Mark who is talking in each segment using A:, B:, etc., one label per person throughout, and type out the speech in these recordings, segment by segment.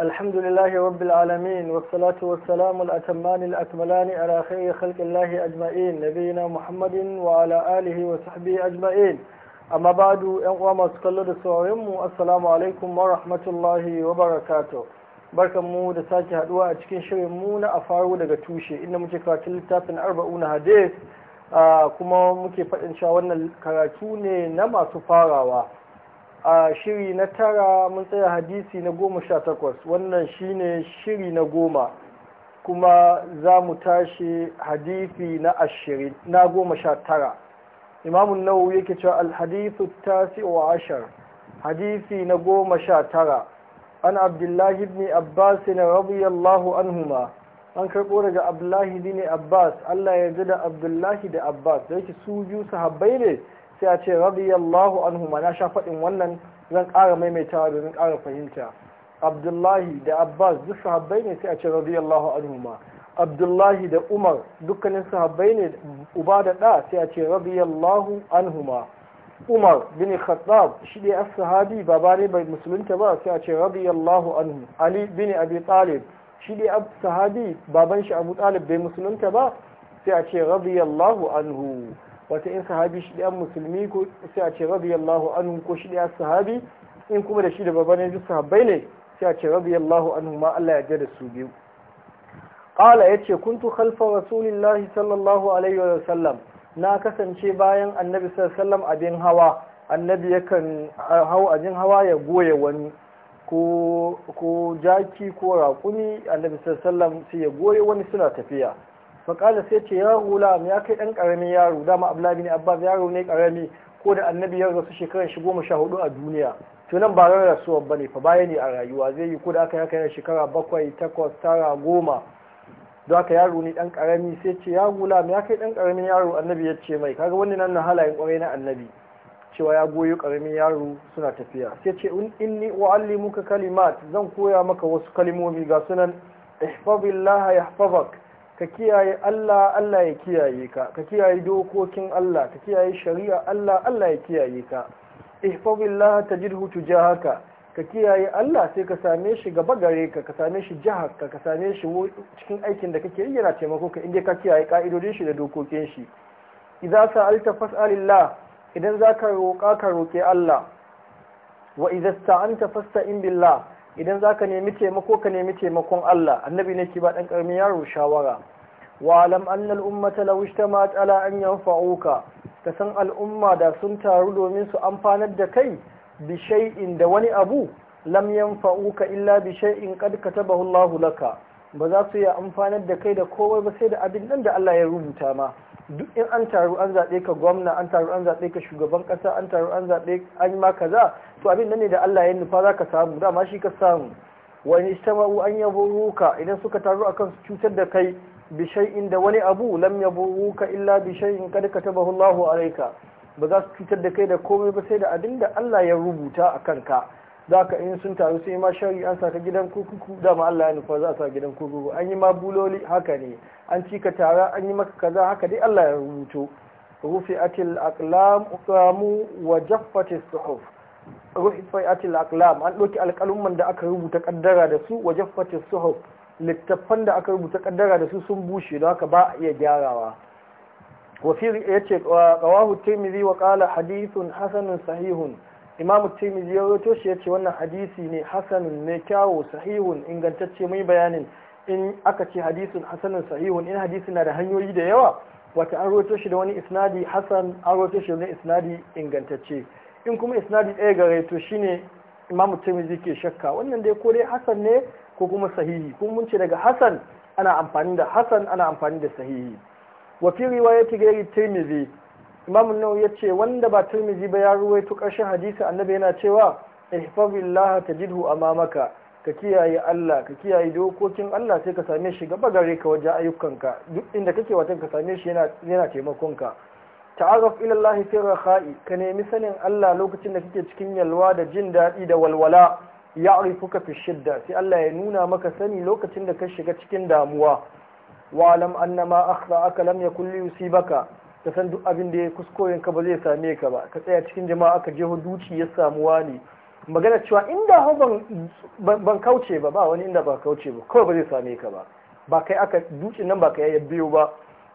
A: الحمد لله رب العالمين والصلاة والسلام الأتمان الأكملان على خير خلق الله أجمعين نبينا محمد وعلى آله وصحبه أجمعين أما بعد أنقوى ما تقلد سوارهم السلام عليكم ورحمة الله وبركاته barkan mu da sake haduwa a cikin shirin mu na a faro daga tushe inda muke karatun littafin arba'una hadith kuma muke faɗin cewa wannan karatu ne na masu farawa a shiri na tara mun tsaya hadisi na goma sha takwas wannan shine shiri na goma kuma za mu tashi hadisi na ashirin na goma sha tara imamun nau yake cewa alhadisu tasi wa ashar hadisi na goma sha tara an abdullahi ibn abbas na radiyallahu anhuma an karɓo daga abdullahi ibn abbas allah ya da abdullahi da abbas da yake su biyu sahabbai ne sai a ce radiyallahu anhu ma na sha faɗin wannan zan ƙara maimaitawa domin ƙara fahimta abdullahi da abbas duk sahabbai ne sai a ce radiyallahu anhu ma abdullahi da umar dukkanin sahabbai ne uba da ɗa sai a ce radiyallahu anhu ma umar bin khattab shi ne sahabi baba ne bai musulunta ba sai a ce radiyallahu anhu ali bin abi talib shi ne sahabi baban shi abu talib bai musulunta ba sai a ce radiyallahu anhu wata in sahabi shi ɗayan musulmi ko sai a ce radiyallahu anhu ko shi ɗaya sahabi in kuma da shi da babban duk sahabbai ne sai a ce radiyallahu anhu ma Allah ya da su biyu qala yace kuntu khalfa rasulillahi sallallahu alaihi wa sallam na kasance bayan annabi sallallahu abin hawa annabi yakan hau abin hawa ya goye wani ko jaki ko raƙumi annabi sallallahu sai ya goye wani suna tafiya faƙala sai ce ya rula ya kai ɗan ƙaramin yaro dama ablabi ne abbas yaro ne ƙarami ko da annabi ya rasu shekarar shi goma sha hudu a duniya to nan ba ran ba bane fa baya ne a rayuwa zai yi ko da aka yaka yana shekara bakwai takwas tara goma don aka yaro ne ɗan ƙarami sai ce ya rula ya kai ɗan ƙaramin yaro annabi ya ce mai kaga wani nan na halayen ƙwarai na annabi cewa ya goyo ƙaramin yaro suna tafiya sai ce in ni wa'alli muka kalimat zan koya maka wasu kalimomi ga sunan ihfazillaha yahfazak ka kiyaye Allah Allah ya kiyaye ka ka kiyaye dokokin Allah ka kiyaye shari'a Allah Allah ya kiyaye ka ihfazillah tajidhu tujahaka ka kiyaye Allah sai ka same shi gaba gare ka ka same shi jihar ka ka same shi cikin aikin da kake yi yana taimako ka inda ka kiyaye ka'idodin shi da dokokin shi idza sa'alta fas'alillah idan zaka roƙa ka roƙe Allah wa idza sta'anta fasta'in billah idan zaka nemi taimako ka nemi taimakon Allah annabi ne ki ba dan karamin yaro shawara wa alam anna al ummata law ijtama'at ala an yanfa'uka ka san al'umma da sun taru domin su amfanar da kai bi shay'in da wani abu lam yanfa'uka illa bi shay'in qad katabahu Allahu laka ba za su yi amfanar da kai da kowa ba sai da abin nan da Allah ya rubuta ma duk in an taru an zaɓe ka gwamna an taru an zaɓe ka shugaban ƙasa an taru an zaɓe an ma kaza to abin nan ne da Allah ya nufa za ka samu dama shi ka samu wani istama'u an yabo ruka idan suka taru akan su cutar da kai bishai'in da wani abu lam yabo ruka illa bishai'in ka taba hulahu alaika ba za su cutar da kai da komai ba sai da abin da Allah ya rubuta a kanka za ka in sun taru sai ma shari an saka gidan kurkuku dama Allah ya nufa za a saka gidan kurkuku an yi ma buloli haka ne an ci ka tara an yi maka kaza haka dai Allah ya rubuto aklam aqlamu wa jaffati suhuf atil aklam an ɗauki alƙalumman da aka rubuta kaddara da su wa jaffati suhuf littafan da aka rubuta kaddara da su sun bushe don haka ba a iya gyarawa wa fi ce ƙawahu taimiri wa ƙala hadithun hasanun sahihun imam tirmidhi ya rawaito shi ce wannan hadisi ne hasanun ne kyawo sahihun ingantacce mai bayanin in aka ce hadisin hasanun sahihun in hadisi na da hanyoyi da yawa wata an rawaito shi da wani isnadi hasan an rawaito shi da wani isnadi ingantacce in kuma isnadi ɗaya ga to shine imam tirmidhi ke shakka wannan dai ko dai hasan ne ko kuma sahihi kuma mun ce daga hasan ana amfani da hasan ana amfani da sahihi wa fi riwayati ghairi tirmidhi imamu nau ya ce wanda ba turmiji ba ya ruwaito ƙarshen hadisi annabi yana cewa ihfazillah tajidhu amamaka ka kiyaye Allah ka kiyaye dokokin Allah sai ka same shi gaba gare ka wajen ayyukanka duk inda kake wata ka same shi yana yana taimakon ka ta'arraf ila Allah fi rakhai ka nemi sanin Allah lokacin da kake cikin yalwa da jin daɗi da walwala ya ya'rifuka fi shidda sai Allah ya nuna maka sani lokacin da ka shiga cikin damuwa wa'lam annama ma akhta'aka lam yakul li yusibaka ka san duk abin da ya kuskoyin ka ba zai same ka ba ka tsaya cikin jama'a aka jeho duci ya samu wani magana cewa inda hau ban kauce ba ba wani inda ba kauce ba kawai ba zai same ka ba ba kai aka duci nan ba kai ya biyo ba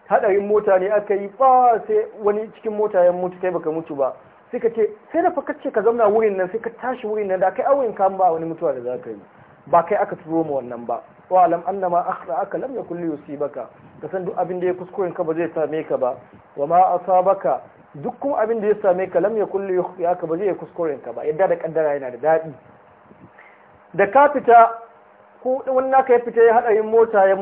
A: hadarin mota ne aka yi ba sai wani cikin mota ya mutu kai baka mutu ba sai ka ce sai da fakar ce ka zauna wurin nan sai ka tashi wurin nan da kai awon ka ba wani mutuwa da za ka yi ba kai aka turo ma wannan ba wa alam annama lamya lam yakul liyusibaka ka san duk abin da ya kuskure ka ba zai same ka ba wa ma asabaka duk kuma abin da ya same ka lam yakul liyusibaka ba zai kuskure ka ba yadda da kaddara yana da dadi da ka fita ko wani naka ya fita ya yin mota ya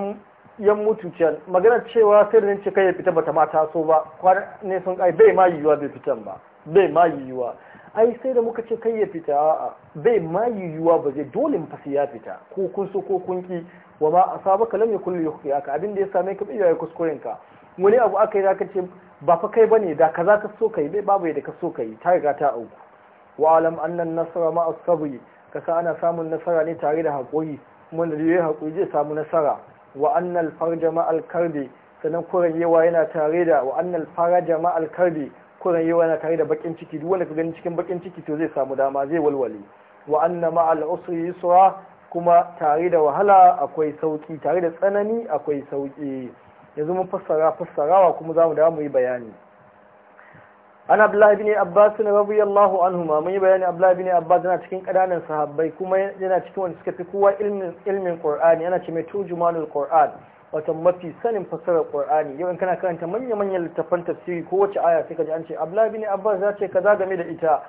A: yan mutu can magana cewa sirrin cika ya fita bata ma so ba kwana ne sun kai bai ma yiwuwa bai fitan ba bai ma yiwuwa ai sai da muka ce kai ya fita a'a bai ma yiwuwa ba zai dole mu fasi ya fita ko kun so ko kun ki wa ma asabaka kullum yakul yukhtiaka abin da ya same ka bai ya kuskuren ka wani abu aka yi zaka ce ba fa kai bane da kaza ka so kai bai babu da ka so kai ta riga ta auku wa alam annan nasara ma as ka kasa ana samun nasara ne tare da hakuri kuma da yayi hakuri zai samu nasara wa annal farja ma al-karbi sanan yawa yana tare da wa annal faraja ma al kuran yawa yana tare da bakin ciki duk wanda ka gani cikin bakin ciki to zai samu dama zai walwale wa anna al usri yusra kuma tare da wahala akwai sauki tare da tsanani akwai sauki yanzu mun fassara fassarawa kuma zamu da mu yi bayani an abdullahi bin abbas ne anhu ma mun yi bayani abdullahi bin abbas yana cikin kananan sahabbai kuma yana cikin wanda suka fi kowa ilmin ilmin qur'ani yana ce mai qur'an wato mafi sanin fassarar Qur'ani yau in kana karanta manya-manyan littafan tafsiri ko wace aya sai ka ji an ce Abdullahi bin Abbas za ce kaza game da ita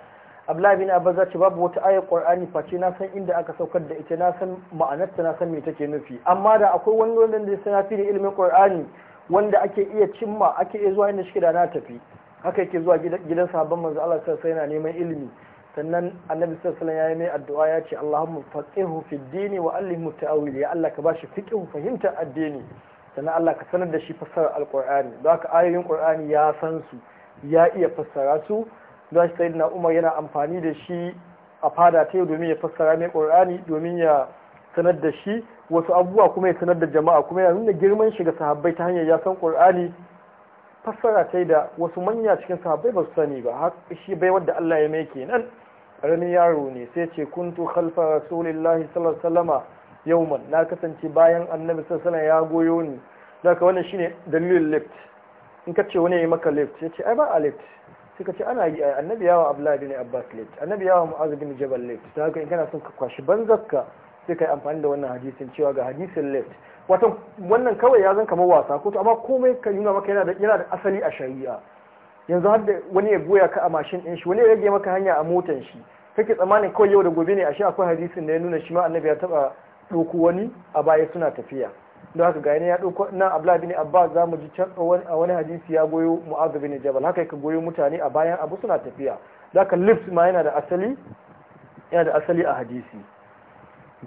A: Abdullahi bin Abbas za ce babu wata ayar Qur'ani face na san inda aka saukar da ita na san ma'anarta na san me take nufi amma da akwai wani wanda ya na fi da ilimin Qur'ani wanda ake iya cimma ake iya zuwa inda shi da na tafi haka yake zuwa gidan sahabban manzo Allah sai yana neman ilimi sannan annabi sallallahu ya yi mai addu'a ya ce Allahumma faqihu fid dini wa allimhu ta'wil ya allaka ba shi fiƙin fahimta addini sannan Allah ka sanar da shi fassara alqur'ani don haka ayoyin ƙur'ani ya san su ya iya fassara su za shi sayyidina Umar yana amfani da shi a fada ta domin ya fassara mai kur'ani domin ya sanar da shi wasu abubuwa kuma ya sanar da jama'a kuma ya nuna girman shi ga sahabbai ta hanyar ya san qur'ani fassara ta yi da wasu manya cikin sahabbai ba su sani ba har shi bai wadda Allah ya mai kenan karamin yaro ne sai ce kuntu khalfa rasulillahi sallallahu alaihi yau man na kasance bayan annabi sallallahu ya goyo ni daga wannan shine dalilin lift in ka ce wani ya maka lift ya ce ai ba a lift sai ka ce ana yi annabi yawa abdullahi bin abbas lift annabi yawa mu'az bin jabal lift da haka in kana son ka kwashi banzakka sai ka yi amfani da wannan hadisin cewa ga hadisin lift wato wannan kawai ya zan kamar wasa ko amma komai ka ma maka yana da asali a shari'a yanzu har da wani ya goya ka a mashin ɗin shi wani ya rage maka hanya a motan shi kake tsammanin kawai yau da gobe ne a shi akwai hadisin da ya nuna shi ma annabi ya taɓa ɗauko wani a baya suna tafiya don haka gani ya ɗauko nan abla bin abba za mu ji can a wani hadisi ya goyo mu'azu bin jabal haka ka goyo mutane a bayan abu suna tafiya da haka lips ma yana yana da asali a hadisi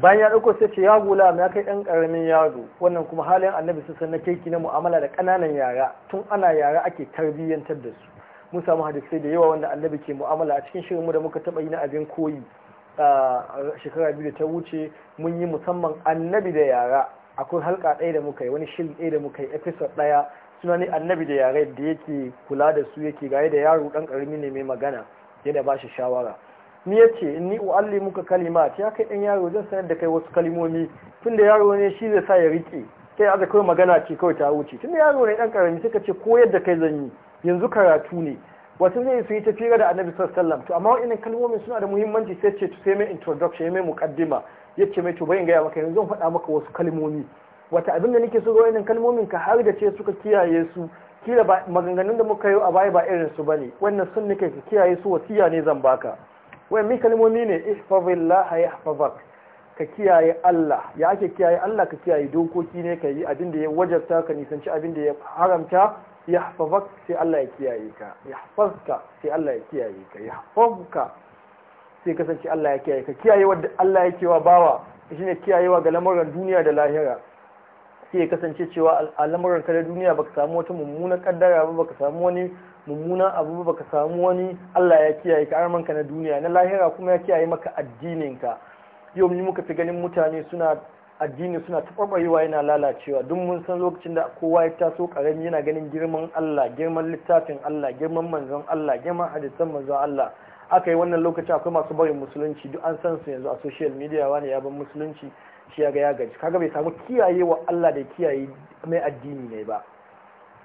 A: bayan ya ɗauko sai ce ya gula ya kai ɗan ƙaramin yaro wannan kuma halin annabi su san na kirki na mu'amala da ƙananan yara tun ana yara ake tarbiyyantar da su mun samu hadisai da yawa wanda annabi ke mu'amala a cikin shirinmu da muka taɓa yi na abin koyi a shekara biyu da ta wuce mun yi musamman annabi da yara akwai halka ɗaya da muka yi wani shirin ɗaya da muka yi episode ɗaya suna ne annabi da yara da yake kula da su yake gaye da yaro ɗan ƙarami ne mai magana yadda ba shi shawara ni ya ce ni u'alli muka kalimat ya kai ɗan yaro zan sanar da kai wasu kalimomi tun da yaro ne shi zai sa ya riƙe sai a kawai magana ce kawai ta wuce tun da yaro ne ɗan ƙarami suka ce koyar da kai zan yi yanzu karatu ne wasu zai su yi ta fira da annabi sallallahu alaihi to amma wa'annan kalmomin suna da muhimmanci sai ce to sai mai introduction mai muqaddima yace mai to bai gaya maka yanzu zan faɗa maka wasu kalmomi wata abin da nake so ga wa'annan kalmomin ka har da ce suka kiyaye su kila maganganun da muka yi a baya ba irin su bane wannan sun nake ka kiyaye su wasiya ne zan baka wayannan kalmomi ne ihfazillah yahfazak ka kiyaye Allah ya ake kiyaye Allah ka kiyaye dokoki ne ka yi abin da ya wajarta ka nisanci abin da ya haramta yahfazak sai Allah ya kiyaye ka yahfazka sai Allah ya kiyaye ka yahfazka sai kasance Allah ya kiyaye ka kiyaye wanda Allah ya cewa bawa shine kiyayewa ga lamuran duniya da lahira sai ya kasance cewa al'amuran ka da duniya baka samu wata mummunan kaddara ba baka samu wani mummunan abu ka samu wani Allah ya kiyaye ka armanka na duniya na lahira kuma ya kiyaye maka addininka yau ni muka fi ganin mutane suna addini suna taɓarɓarewa yana lalacewa duk mun san lokacin da kowa ya taso ƙarami yana ganin girman Allah girman littafin Allah girman manzon Allah girman hadisan manzon Allah aka yi wannan lokaci akwai masu barin musulunci duk an san su yanzu a social media wani ya ban musulunci shi ya ga ya gaji kaga bai samu kiyayewa Allah da kiyaye mai addini ne ba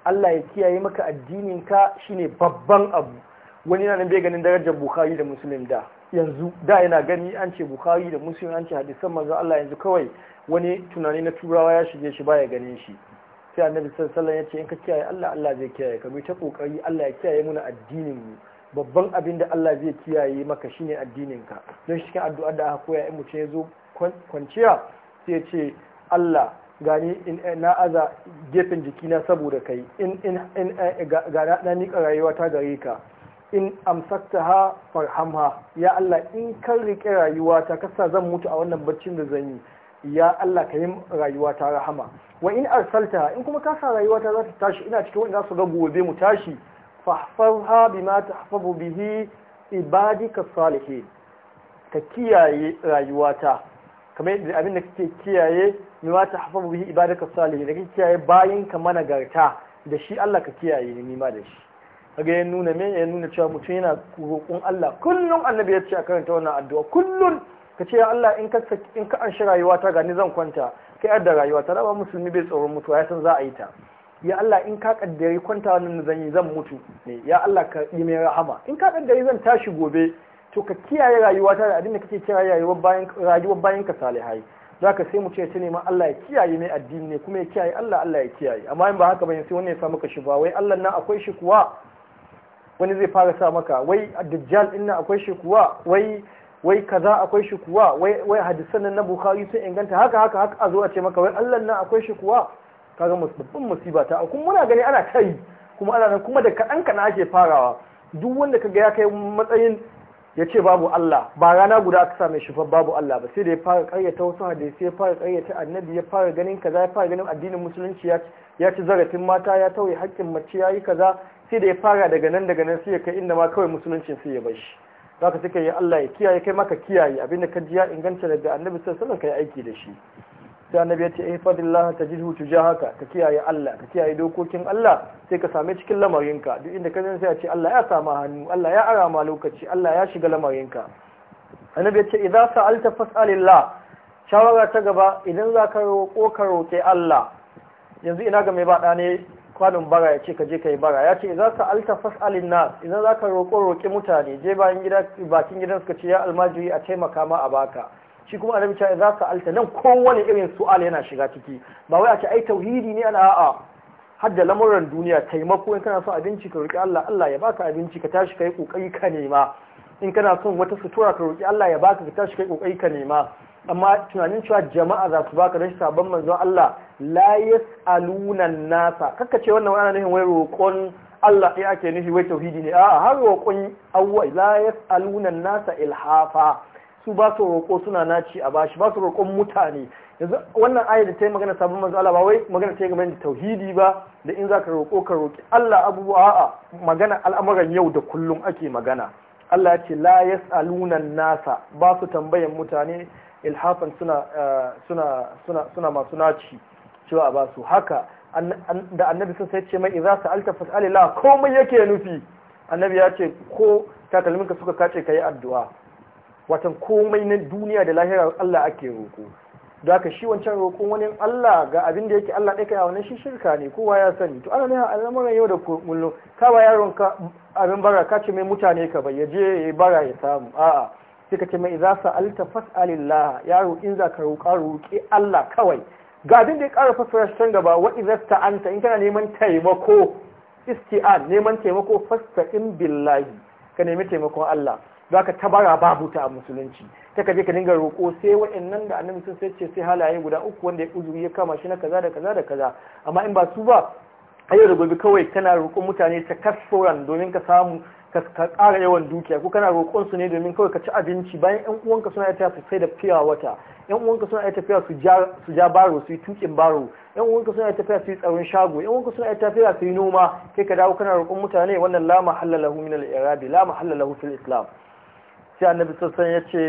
A: Allah ya kiyaye maka addinin ka shine babban abu wani yana nan bai ganin darajar Bukhari da Muslim da yanzu da yana gani an ce Bukhari da Muslim an ce hadisan manzo Allah yanzu kawai wani tunani na turawa ya shige shi baya ganin shi sai annabi sallallahu alaihi wasallam ya ce in ka kiyaye Allah Allah zai kiyaye ka mai ta kokari Allah ya kiyaye muna addinin mu babban abin da Allah zai kiyaye maka shine addinin ka don shi cikin addu'a da aka koya in mutum ya zo kwanciya sai ya ce Allah gani eh, na aza gefen jikina saboda kai in eh, ga na nika rayuwa ta gare ka in amsakta ha farhamha ya Allah in kan rike rayuwa ta kasa zan mutu a wannan baccin da zan yi ya Allah ka yi rayuwa ta rahama wa in arsalta in kuma kasa sa rayuwa ta za ta tashi ina cikin wanda za su ga gobe mu tashi fahfazha bima tahfazu bihi ibadika salihin ka kiyaye rayuwa rayuwata kamar yadda abin da kake kiyaye mai ta hafa bihi ibadaka salihin da kiyaye bayan ka managarta da shi Allah ka kiyaye ni ma da shi kaga ya nuna me ya nuna cewa mutum yana roƙon Allah kullum annabi ya ce a karanta wannan addu'a kullum ka ce ya Allah in ka in ka rayuwa rayuwata ga ni zan kwanta kai adda rayuwata da ba musulmi bai tsoron mutuwa ya san za a yi ta ya Allah in ka kaddare kwanta wannan zan yi zan mutu ne ya Allah ka yi mai rahama in ka kaddare zan tashi gobe to ka kiyaye rayuwata da abin da kake kira rayuwar bayan rayuwa bayan ka salihai ka sai mu ce ta neman Allah ya kiyaye mai addini ne kuma ya kiyaye Allah Allah ya kiyaye amma in ba haka ba sai wani ya sa maka shi ba wai Allah nan akwai shi kuwa wani zai fara sa maka wai dajjal din nan akwai shi kuwa wai wai kaza akwai shi kuwa wai wai hadisan nan na Bukhari sun inganta haka haka haka a zo a ce maka wai Allah nan akwai shi kuwa kaga babban musiba ta kuma muna gani ana kai kuma ana kuma da kadan kana ake farawa duk wanda kaga ya kai matsayin ya ce babu Allah ba rana guda aka same shi fa babu Allah ba sai da ya fara karyata wasu hadisi sai ya fara karyata annabi ya fara ganin kaza ya fara ganin addinin musulunci ya ci zarafin mata ya tauye haƙƙin mace ya yi kaza sai da ya fara daga nan daga nan sai ya kai inda ma kawai musulunci sai ya bar shi zaka suka yi Allah ya kiyaye kai maka kiyaye abinda ka ji ya inganta daga annabi sallallahu alaihi wasallam kai aiki da shi sai annabi ya ce ihfadillah eh, tajidhu tujahaka ka kiyaye Allah ka kiyaye dokokin Allah sai ka same cikin lamarinka duk inda ka zan sai a ce Allah ya sama hannu Allah ya arama lokaci Allah ya shiga lamarinka annabi ya ce idza sa'alta fas'alillah shawara ta gaba idan za ka roƙo ka roƙe Allah yanzu ina ga mai ba ne kwanon bara ya ce ka je ka yi bara ya ce za ka alta fas'alin nas idan za ka roƙo roƙe mutane je bakin gidan suka ce ya almajiri a taimaka ma a baka shi kuma annabi cewa za ka alta nan kowane irin su'al yana shiga ciki ba wai a ce ai tauhidi ne ana a'a har lamuran duniya taimako in kana son abinci ka roki Allah Allah ya baka abinci ka tashi kai kokari ka nema in kana son wata sutura ka roki Allah ya baka ka tashi kai kokari ka nema amma tunanin cewa jama'a za su baka rashin sabon manzon Allah la yas'aluna nasa kaka ce wannan ana nufin wai roƙon Allah ya ake nufi wai tauhidi ne a'a har roƙon awwa la yas'aluna nasa ilhafa su ba su roƙo suna naci a bashi ba su roƙon mutane yanzu wannan ayar da ta yi magana sabon manzo Allah ba wai magana ta yi game da tauhidi ba da in zaka roƙo ka roƙi Allah abubuwa a'a magana al'amuran yau da kullum ake magana Allah ce la yas'aluna nasa ba su tambayan mutane ilhafan suna eh, masu naci cewa ba su haka da annabi sun sai ce mai idza sa'alta fas'alillah komai yake nufi annabi ya ce ko ka suka kace kai addu'a watan komai na duniya da lahira Allah ake roƙo da aka shi wancan roƙon wani Allah ga abin da yake Allah ɗaya a wannan shi shirka ne kowa ya sani to ana nuna al'amuran yau da kullum ka ba yaron ka abin bara ka ce mai mutane ka bai ya je ya bara ya samu a'a sai ka ce mai za su alta fas'alillah yaro in za ka roƙa roƙi Allah kawai ga abin da ya ƙara fassara can gaba wa izasta ta'anta in kana neman taimako isti'an neman taimako fasta'in billahi ka nemi taimakon Allah zaka tabara babu ta a musulunci ta kaje ka dinga roƙo sai waɗannan da annabi sun sai ce sai halaye guda uku wanda ya uzuri ya kama shi na kaza da kaza da kaza amma in ba su ba ayo da gobe kawai kana roƙon mutane ta kasoran domin ka samu ka ƙara yawan dukiya ko kana roƙon su ne domin kawai ka ci abinci bayan 'yan uwanka suna iya su sai da fiya wata yan uwanka suna iya tafiya su ja baro su yi tukin baro 'yan uwanka suna iya tafiya su yi tsaron shago 'yan uwanka suna iya tafiya su yi noma kai ka dawo kana roƙon mutane wannan la mahalla lahu min al-irabi la mahalla lahu fil islam sai annabi sassan ya ce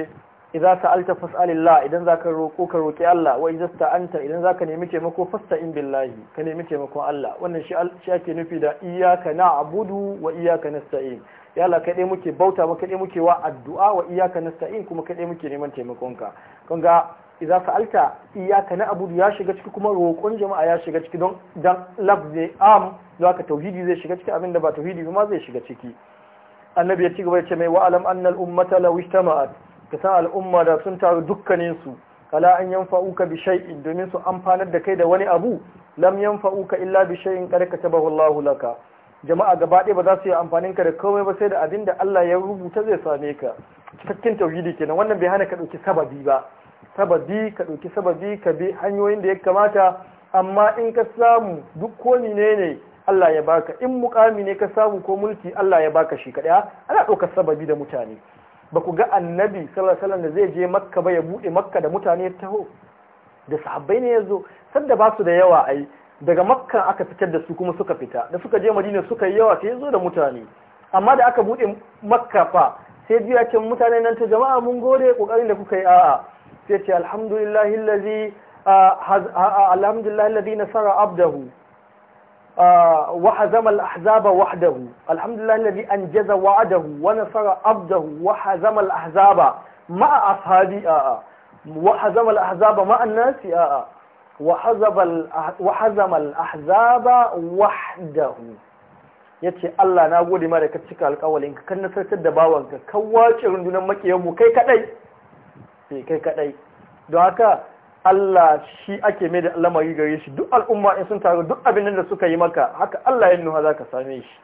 A: idza sa'alta fas'alillah idan zaka roko ka roki Allah wa idza sta'anta idan zaka nemi taimako fasta'in billahi ka nemi taimakon Allah wannan shi shi ake nufi da iyyaka na'budu wa iyyaka nasta'in ya Allah dai muke bauta maka dai muke wa addu'a wa iyyaka nasta'in kuma kai dai muke neman taimakon ka kun ga idza sa'alta iyyaka na'budu ya shiga ciki kuma roƙon jama'a ya shiga ciki don dan lafzi am zaka tauhidi zai shiga ciki abinda ba tauhidi kuma zai shiga ciki annabi ya ci gaba ya ce mai wa'alam annal ummata law ijtama'at ka san al'umma da sun taru dukkanin su kala an fa’uka bi shay'in domin su amfanar da kai da wani abu lam fa’uka illa bi in ta katabahu Allahu laka jama'a gaba ɗaya ba za su yi amfanin ka da komai ba sai da abin da Allah ya rubuta zai same ka cikakken tauhidi kenan wannan bai hana ka ɗauki sababi ba sababi ka ɗauki sababi ka bi hanyoyin da ya kamata amma in ka samu duk ko ne ne Allah ya baka in mukami ne ka samu ko mulki Allah ya baka shi kaɗaya ana ɗaukar sababi da mutane ba ku ga annabi sallallahu da zai je makka ba ya buɗe makka da mutane ya taho da sahabbai ne ya zo sanda ba su da yawa ai daga makka aka fitar da su kuma suka fita da suka je madina suka yi yawa sai ya zo da mutane amma da aka buɗe makka fa sai biya ce mutane nan ta jama'a mun gode kokarin da kuka yi a'a sai ce alhamdulillahi allazi alhamdulillahi allazi nasara abdahu وحزم الأحزاب وحده الحمد لله الذي أنجز وعده ونصر عبده وحزم الأحزاب مع أصحابي وحزم الأحزاب مع الناس وحزم الأحزاب وحده yace Allah na gode ma da ka cika alƙawalin ka kan nasartar da bawanka ka wace rundunar makiyanmu kai kadai sai kai kadai don haka Allah shi ake mai da lamari gare shi duk al'umma in sun taru duk abin da suka yi maka haka Allah ya nuha zaka same shi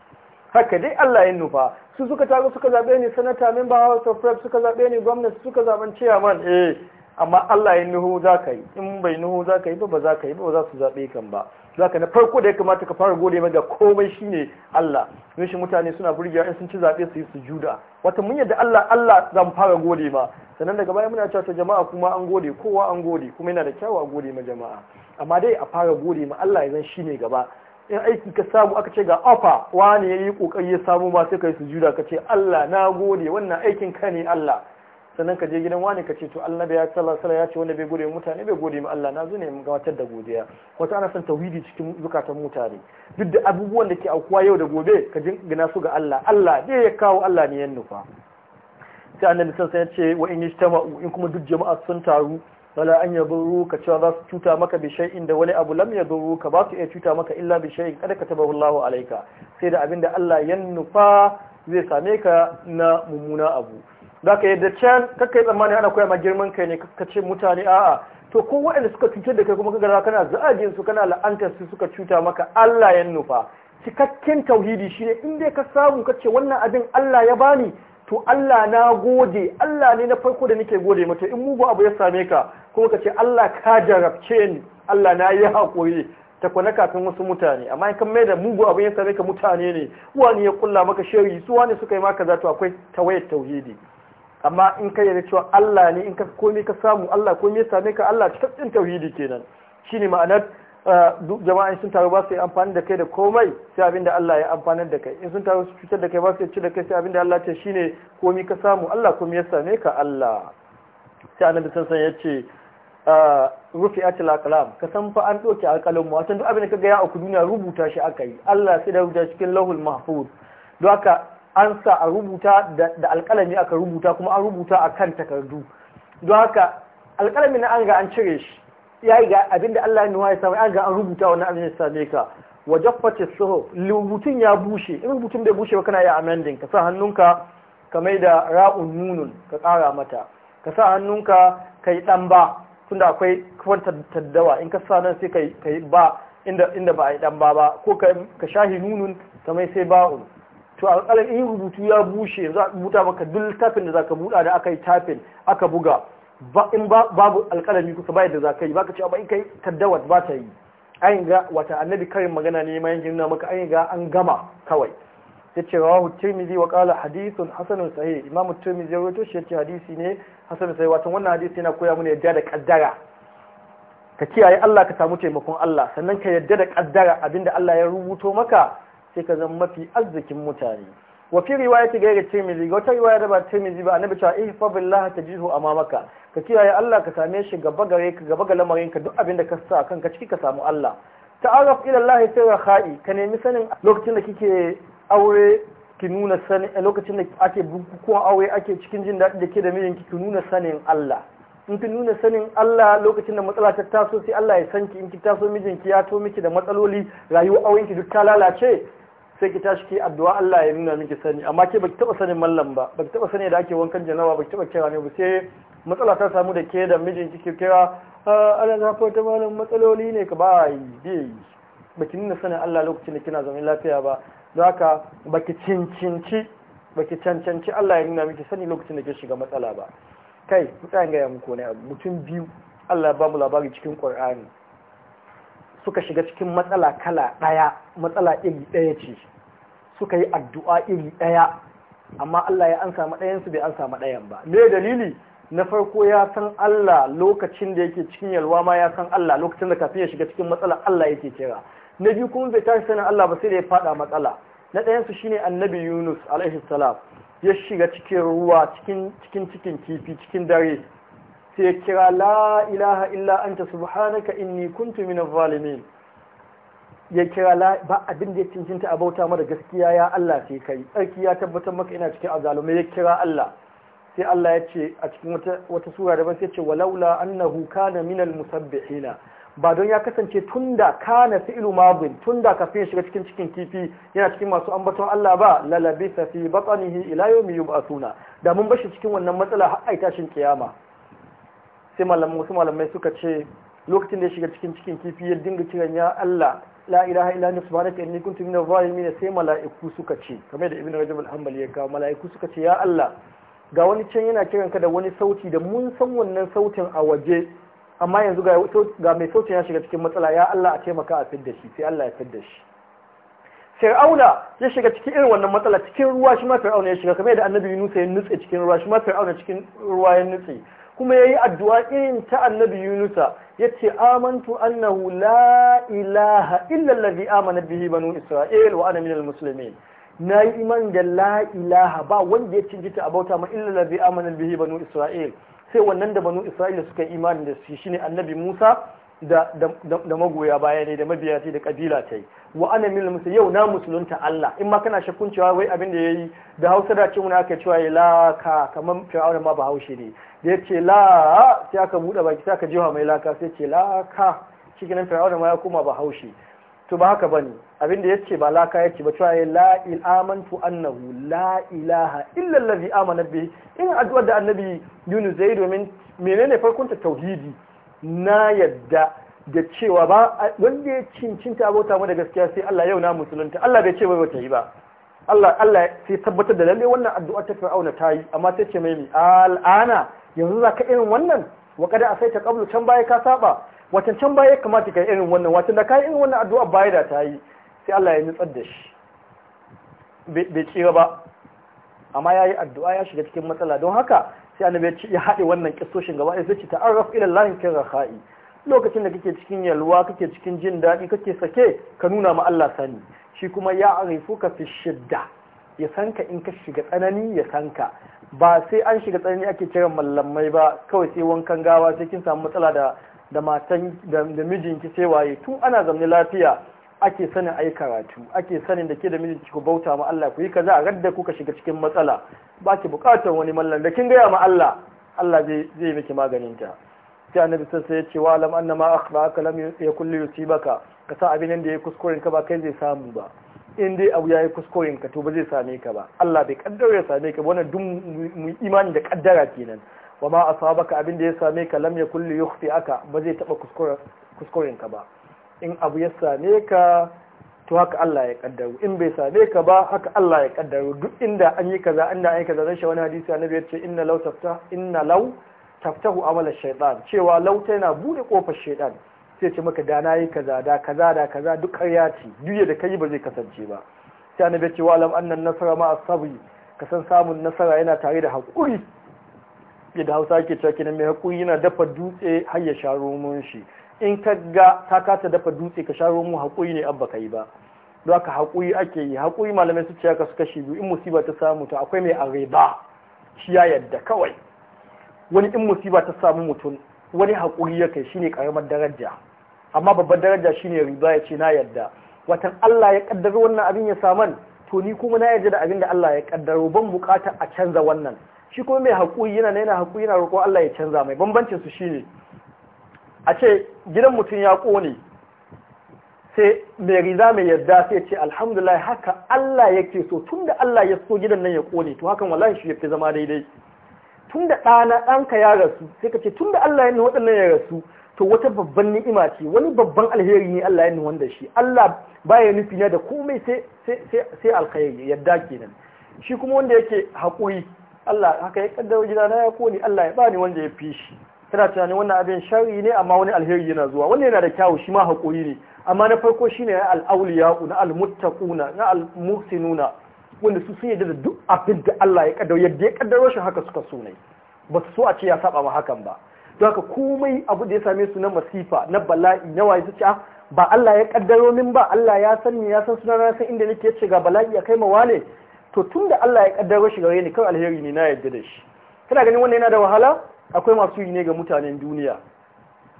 A: haka dai Allah ya nufa su suka taru suka zaɓe ni sanata member house of suka zaɓe ni gwamnati suka zaben chairman eh amma Allah ya nuhu za ka yi in bai nuhu za ka yi ba ba za ka yi ba ba za su zaɓe kan ba za ka na farko da ya kamata ka fara gode mai da komai shine Allah shi mutane suna burgewa in sun ci zaɓe su yi sujuda wata mun yadda Allah Allah zan fara gode ma sannan daga baya muna cewa jama'a kuma an gode kowa an gode kuma yana da kyawu a gode ma jama'a amma dai a fara gode ma Allah ya zan ne gaba in aiki ka samu aka ce ga ofa wani ya yi kokari ya samu ma sai ka yi sujuda ka ce Allah na gode wannan aikin ka ne Allah sannan ka je gidan wani ka ce to annabi ya sallallahu alaihi ya ce wanda bai gode mutane bai gode ma Allah na zo ne mu gabatar da godiya wata ana son tauhidi cikin zukatan mutane duk da abubuwan da ke aukuwa yau da gobe ka gina su ga Allah Allah ne ya kawo Allah ne yan nufa sai annabi sallallahu alaihi ya ce wa in yajtama'u in kuma duk jama'a sun taru wala an yadurru ka cewa za su cuta maka bi shay'in da wani abu lam yadurru ka ba su iya cuta maka illa bi shay'in kada ka tabahu wallahu alaika sai da abinda Allah yan nufa zai same ka na mummuna abu da ka yadda can kakai tsammani ana koya ma girman kai ne ka ce mutane a'a to ko waɗanda suka cutar da kai kuma ka gara kana za'ajin su kana la'antar su suka cuta maka Allah ya nufa cikakken tauhidi shine in dai ka samu ka ce wannan abin Allah ya bani to Allah na gode Allah ne na farko da nake gode mata in mugu abu ya same ka kuma ka ce Allah ka jarabce ni Allah na yi haƙuri ta kwana kafin wasu mutane amma in kan mai da mugu abu ya same ka mutane ne wani ya kulla maka shari su wani suka yi maka zato akwai tawayar tauhidi amma in ka yarda cewa Allah ne in ka komai ka samu Allah komai ya same ka Allah tsin tauhidi kenan shine ma'anar uh, jama'a jama'an sun taru ba su yi amfani da kai da komai sai abin da Allah ya amfani da kai in sun taru su cutar da kai ba su ci da kai sai abin da Allah ce shine komai ka samu Allah komai ya same ka Allah sai annabi sun san yace uh, rufi atil kalam ka san fa an doke mu wato duk abin da kaga ya aku duniya rubuta shi aka yi Allah sai da rubuta cikin lahul mahfuz don haka an sa a rubuta da alkalami aka rubuta kuma an rubuta a kan takardu don haka alkalami na an ga an cire shi ya yi ga abinda Allah ya nuna ya samu an ga an rubuta wani abin ya same ka wajen face soho rubutun ya bushe in rubutun bai bushe ba kana ya amendin ka sa hannunka ka mai da ra'un nunun ka kara mata ka sa hannunka ka yi dan ba tunda akwai kwantar taddawa in ka sa nan sai ka yi ba inda ba a yi ɗan ba ba ko ka shahi nunun ka mai sai ba'un to alƙalin in rubutu ya bushe za a buta maka duk tafin da ka buɗa da aka yi tafin aka buga in babu alƙalami kusa ba yadda zaka yi baka ce ba in kai kaddawat ba ta yi an ga wata annabi karin magana ne ma yankin maka an ga an gama kawai ya ce rawahu tirmidhi wa qala hadithun hasanun sahi imamu tirmidhi ya rawaito shi ce hadisi ne hasanun sahi wato wannan hadisi yana koya mana yadda da kaddara ka kiyaye Allah ka samu taimakon Allah sannan ka yadda da kaddara abinda Allah ya rubuto maka sai ka zama mafi arzikin mutane wa fi riwayati gaira tirmizi ga wata riwaya da ba tirmizi ba annabi cewa ihfa billah tajihu amamaka ka kiyaye Allah ka same shi gaba gare ka gaba ga lamarin ka duk abin da ka sa kanka ciki ka samu Allah ta'arraf ila Allah sai rakhai ka nemi sanin lokacin da kike aure ki nuna sanin lokacin da ake bukukuwan aure ake cikin jin daɗi da ke da mijinki ki nuna sanin Allah in ki nuna sanin Allah lokacin da matsala ta taso sai Allah ya san ki in ki taso mijinki ya to miki da matsaloli rayuwar aurenki duk ta lalace sai ki tashi ki addu'a Allah ya nuna miki sani amma ke baki taba sanin mallam ba baki taba sani da ake wankan janawa baki taba kira ne ba sai matsala ta samu da ke da mijin kike kira ah, Allah ya fata mallam matsaloli ne ka ba yi bai baki nuna sanin Allah lokacin da kina zaman lafiya ba don haka baki cincinci baki cancanci Allah ya nuna miki sani lokacin da ke shiga matsala ba kai mutane ga ya muku ne mutum biyu Allah ya ba mu labari cikin Qur'ani suka shiga cikin matsala kala ɗaya matsala iri ɗaya ce suka yi addu'a iri ɗaya amma Allah ya an samu ɗayansu bai an samu ɗayan ba me dalili na farko ya san Allah lokacin da yake cikin yalwa ma ya san Allah lokacin da kafin ya shiga cikin matsala Allah yake kira na biyu kuma bai tashi sanin Allah ba sai da ya faɗa matsala na ɗayansu shine annabi Yunus alaihi salam ya shiga cikin ruwa cikin cikin kifi cikin dare sai ya kira la ilaha illa anta subhanaka inni kuntu minaz zalimin ya kira la ba abin da ya cincinta a bauta mara gaskiya ya Allah sai kai tsarki ya tabbatar maka ina cikin azalumai ya kira Allah sai Allah ya ce a cikin wata sura daban sai ce walaula annahu kana minal musabbihina ba don ya kasance tunda kana fi'lu madin tunda kafin shiga cikin cikin kifi yana cikin masu ambaton Allah ba lalabisa fi batnihi ila yawmi yub'athuna da mun bashi cikin wannan matsala har ai tashin kiyama sai malamai wasu malamai suka ce lokacin da ya shiga cikin cikin kifi ya dinga kiran ya Allah la ilaha illa anta subhanaka inni kuntu minaz zalimin sai mala'iku suka ce kamar da ibnu rajab al-hanbali ya ga mala'iku suka ce ya Allah ga wani can yana kiran ka da wani sauti da mun san wannan sautin a waje amma yanzu ga mai sautin ya shiga cikin matsala ya Allah a taimaka a fidda shi sai Allah ya fidda shi Fir'auna ya shiga cikin irin wannan matsala cikin ruwa shi ma Fir'auna ya shiga kamar yadda Annabi Yunus ya nutse cikin ruwa shi ma Fir'auna cikin ruwa ya nutse kuma ya yi addu'a irin ta annabi yunusa ya ce amantu annahu la ilaha illa amana bihi banu isra'il wa ana minal muslimin na yi iman da la ilaha ba wanda ya jita a bauta ma illa allazi amana bihi banu isra'il sai wannan da banu Isra'il suka imani da shi shine annabi musa da magoya baya ne da mabiya ce da kabila ta yi wa ana mil musu yau na musulunta Allah in ma kana shakkun cewa wai abin da yayi da Hausa da ce muna aka cewa ya ka kaman Fir'auna ma ba Hausa ne da yace la sai aka bude baki sai aka jiwa mai laka sai ce laka cikin Fir'auna ma ya koma ba Hausa to ba haka bane abin da yace ba laka yace ba cewa la il amantu annahu la ilaha illa allazi amana bi in addu'ar da annabi Yunus yayi domin menene farkon ta tauhidi na yadda da cewa ba wanda ya cincinta abota mu da gaskiya sai Allah yau na musulunta Allah bai ce bai wata yi ba Allah Allah sai tabbatar da lalle wannan addu'a ta Fir'auna ta yi amma sai ce mai al'ana yanzu zaka irin wannan wa kada asaita qablu can baya ka saba watan can baya kamata kai irin wannan watan da kai irin wannan addu'a baya da ta yi sai Allah ya nutsar da shi bai ce ba amma yayi addu'a ya shiga cikin matsala don haka sai annabi ya ya haɗe wannan kissoshin gaba ya sai ce arraf ila lahin kin rakhai lokacin da kake cikin yalwa kake cikin jin daɗi kake sake ka nuna ma Allah sani shi kuma ya arifu ka fi shidda ya sanka in ka shiga tsanani ya san ba sai an shiga tsanani ake kiran mallamai ba kawai sai wankan gawa sai kin samu matsala da da matan da mijinki sai waye tun ana zamne lafiya ake sanin ayi karatu ake sanin da ke da mijinki ku bauta ma Allah ku yi kaza a radda ka shiga cikin matsala ba ki bukatar wani mallan da kin gaya ma Allah Allah zai zai miki maganin ta sai annabi sai ya ce wa lam annama akhba ka lam yakul yusibaka ka sa abin da ya kuskuren ka ba kai zai samu ba in dai abu yayi kuskuren ka to ba zai same ka ba Allah bai kaddara ya same ka wannan duk mu imani da kaddara kenan wa ma asabaka abin da ya same ka lam yakul yukhti aka ba zai taba kuskuren ka ba in abu ya same ka to haka Allah ya kaddaro in bai same ka ba haka Allah ya kaddaro duk inda an yi kaza inda an yi kaza zai wani hadisi annabi ya ce inna law tafta inna law taftahu amala shaytan cewa law yana bude kofar shaytan sai ce maka da na yi kaza da kaza da kaza duk ƙarya ce duk da kai ba zai kasance ba sai annabi ya ce wa lam annan nasara ma asabi ka san samun nasara yana tare da hakuri yadda Hausa ke cewa kenan mai hakuri yana dafa dutse har ya sha romon shi in ka ga ta kasa dafa dutse ka sharo mu haƙuri ne abba ka yi ba don haka haƙuri ake yi haƙuri malamai su ce ka su kashe biyu in musiba ta samu ta akwai mai areba shi ya yadda kawai wani in musiba ta samu mutum wani haƙuri ya kai shine karamar daraja amma babban daraja shine riba ya ce na yadda watan Allah ya kaddara wannan abin ya saman to ni kuma na yarda da abin da Allah ya kaddaro ban bukata a canza wannan shi kuma mai haƙuri yana yana haƙuri yana roƙo Allah ya canza mai bambancin su shine a ce gidan mutum ya ƙone sai mai riza mai yadda sai ce alhamdulillah haka Allah yake so tun da Allah ya so gidan nan ya ƙone to hakan wallahi shi yafi zama daidai tun da ɗana ɗanka ya rasu sai ka ce tun da Allah ya nuna waɗannan ya rasu to wata babban ni'ima ce wani babban alheri ne Allah ya nuna wanda shi Allah baya nufi na da komai sai sai alkhairi yadda kenan shi kuma wanda yake haƙuri Allah haka ya kaddara gidana ya ƙone Allah ya bani wanda ya fi shi kana tunanin wannan abin shari ne amma wani alheri yana zuwa wani yana da kyawu shi ma haƙuri ne amma na farko shi ne al'auliya na almuttaquna na almuhsinuna wanda su sun yadda da duk abin da Allah ya kaddaro yadda ya kaddaro shi haka suka sunai ba su so a ce ya saba ma hakan ba don haka komai abu da ya same su na masifa na bala'i na waye ce ah, ba Allah ya kaddaro min ba Allah ya san ni ya san sunana ya san inda nake ce ga bala'i ya kai ma wane to tunda Allah ya kaddaro shi gare ni kan alheri ne na yadda da shi kana ganin wannan yana da wahala akwai masu yi ne ga mutanen duniya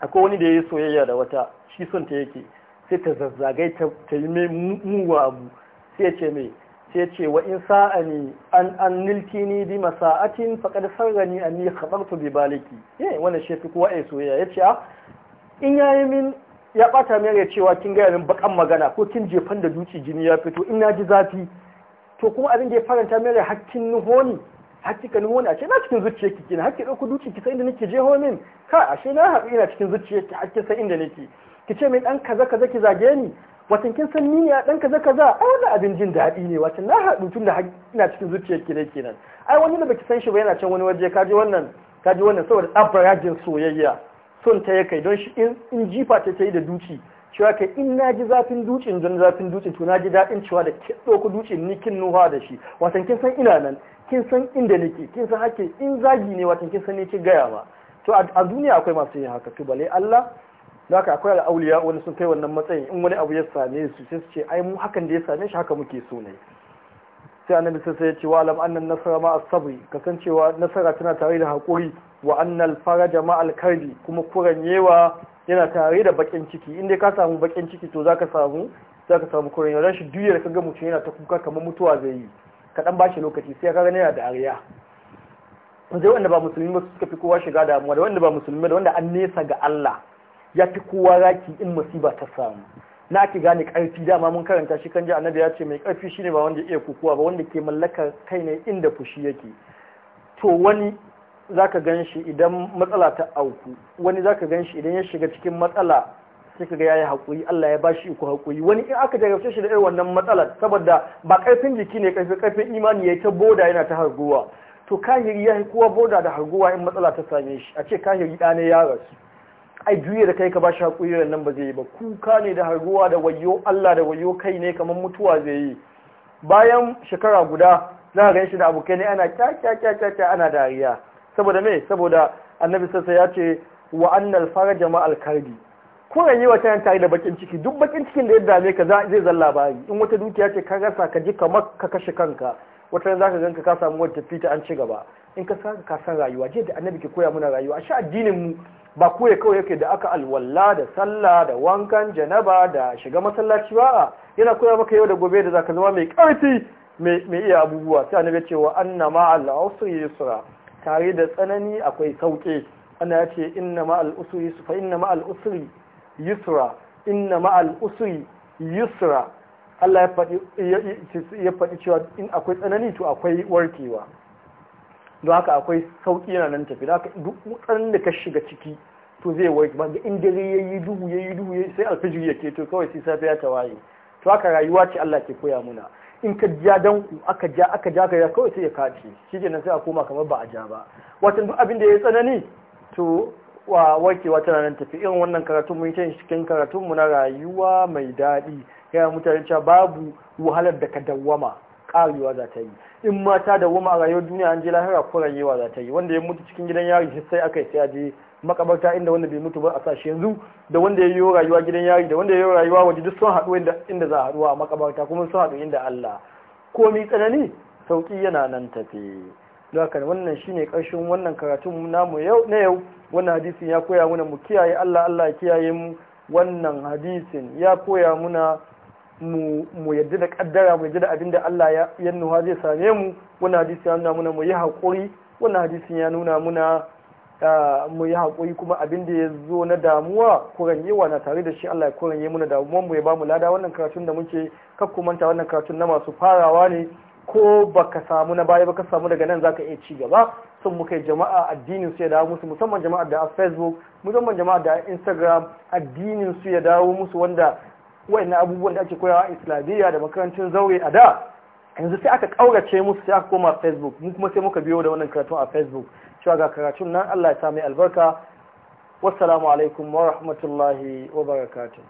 A: akwai wani da ya yi soyayya da wata shi son ta yake sai ta zazzagai ta yi mai muwa abu sai ya ce mai sai ce wa in ne an an nilkini bi masa'atin faqad sarrani anni khabartu bi baliki eh wannan shi fi kowa ai soyayya ce a ah, in ya yi min ya ɓata min ya cewa kin gaya min bakan magana ko kin jefan da duci jini ya fito in ji zafi to kuma abin da ya faranta min hakkin nuhoni hakika ni wani ashe na cikin zuciya ki kina hakika ki dauko ki sai inda nake je homin ka ashe na haɗu ina cikin zuciya ki hakika sai inda nake ki ce min dan kaza kaza ki zage ni watan kin san ni ne a dan kaza kaza ai wannan abin jin daɗi ne watan na haɗu tun da ina cikin zuciya ki ne kenan ai wani da baki san shi ba yana can wani waje ka je wannan ka je wannan saboda yajin soyayya son ta ya kai don shi in jifa ta ta yi da duci. cewa ka in na ji zafin dutsen don zafin dutsen to na ji daɗin cewa da kin ɗauku dutsen ni kin nuha da shi watan kin san ina nan kin san inda nake kin san hake in zagi ne watan kin san ne kin gaya ma to a duniya akwai masu yin haka to bale Allah da haka akwai al'auliya wani sun kai wannan matsayin in wani abu ya same su sai su ce ai mu hakan da ya same shi haka muke so ne sai annabi sai ya ce wa lam annan nasara ma as-sabri kasancewa nasara tana tare da hakuri wa annal faraja ma al-karbi kuma kuranyewa yana tare da bakin ciki inda ka samu bakin ciki to zaka samu zaka samu kurin yau rashin duyar ka ga mutum yana ta kuka kamar mutuwa zai yi kaɗan dan bashi lokaci sai ka gani yana da ariya zai wanda ba musulmi ba suka fi kowa shiga da amma da wanda ba musulmi da wanda an nesa ga Allah ya fi kowa raki in musiba ta samu na ake gane karfi dama mun karanta shi kan ji annabi ya ce mai karfi shine ba wanda ya iya kukuwa ba wanda ke mallakar kai ne inda fushi yake to wani ka gan shi idan matsala ta auku wani zaka gan shi idan ya shiga cikin matsala sai ka gaya yayi hakuri Allah ya ba shi ku hakuri wani in aka jarabce shi da irin wannan matsala saboda ba karfin jiki ne karfi karfin imani yayi ta boda yana ta harguwa to kahiri ya yi kowa boda da harguwa in matsala ta same shi a ce kahiri da ya rasu ai juye da kai ka bashi hakuri nan ba zai yi ba kuka ne da harguwa da wayo Allah da wayo kai ne kamar mutuwa zai yi bayan shekara guda za ka gan shi da abokai ne ana kya kya kya kya ana dariya saboda mai saboda annabi sassa ya ce wa annal faraja ma alkarbi kuran yi wata yan tare da bakin ciki duk bakin cikin da ya dame ka zai zan labari in wata dukiya ce ka rasa ka ji kamar ka kashe kanka wata za ka ganka ka samu wata fita an ci gaba in ka sa ka san rayuwa je da annabi ke koya muna rayuwa shi addinin mu ba koya kawai yake da aka alwalla da sallah da wankan janaba da shiga masallaci ba a yana koya maka yau da gobe da zaka zama mai karfi mai iya abubuwa sai annabi ce anna ma al-usri yusra tare da tsanani akwai sauke ana ce inna ma'al usri fa inna ma'al usri yusra inna ma'al usri yusra Allah ya faɗi ya cewa in akwai tsanani to akwai warkewa don haka akwai sauƙi yana nan tafi haka duk mutan da ka shiga ciki to zai warke ba ga inda dare yayi duhu yayi duhu sai alfijiri ya to kawai sai safiya ta waye to haka rayuwa ce Allah ke koya muna in ka ja danku aka ja aka ja ka kawai sai ya kace shi kenan sai a koma kamar ba a ja ba watan duk abin da ya tsanani to wa warkewa tana nan tafi irin wannan karatun mun yi cikin karatun mu na rayuwa mai daɗi ya mutane cewa babu wahalar da ka dawwama karewa za ta yi in mata dawwama a rayuwar duniya an je lahira ko rayuwa za ta yi wanda ya mutu cikin gidan yari sai aka yi sai a makabarta inda wanda bai mutu ba a sashi yanzu da wanda ya yi rayuwa gidan yari da wanda ya yi rayuwa waje duk sun haɗu inda za a haɗuwa a makabarta kuma sun haɗu inda Allah ko mi tsanani sauƙi yana nan tafe haka wannan shine ƙarshen wannan karatun namu yau na yau wannan hadisin ya koya muna mu kiyaye Allah Allah ya kiyaye mu wannan hadisin ya koya muna mu yadda da kaddara mu yadda da abin da Allah ya nuha zai same mu wannan hadisin ya nuna muna mu yi haƙuri wannan hadisin ya nuna muna mu yi haƙuri kuma abin da ya zo na damuwa kuranye wa na tare da shi Allah ya kuranye mu na damuwa mu ya bamu lada wannan karatun da muke manta wannan karatun na masu farawa ne ko baka samu na baya baka samu daga nan zaka iya ci gaba sun muka yi jama'a addinin su ya dawo musu musamman jama'a da Facebook musamman jama'a da Instagram addinin su ya dawo musu wanda wayannan abubuwan da ake koyawa islamiyya da makarantun zaure a da yanzu sai aka kaurace musu sai aka koma Facebook mu kuma sai muka biyo da wannan karatun a Facebook cewa ga karatun nan Allah ya sami albarka wassalamu alaikum wa rahmatullahi wa barakatuh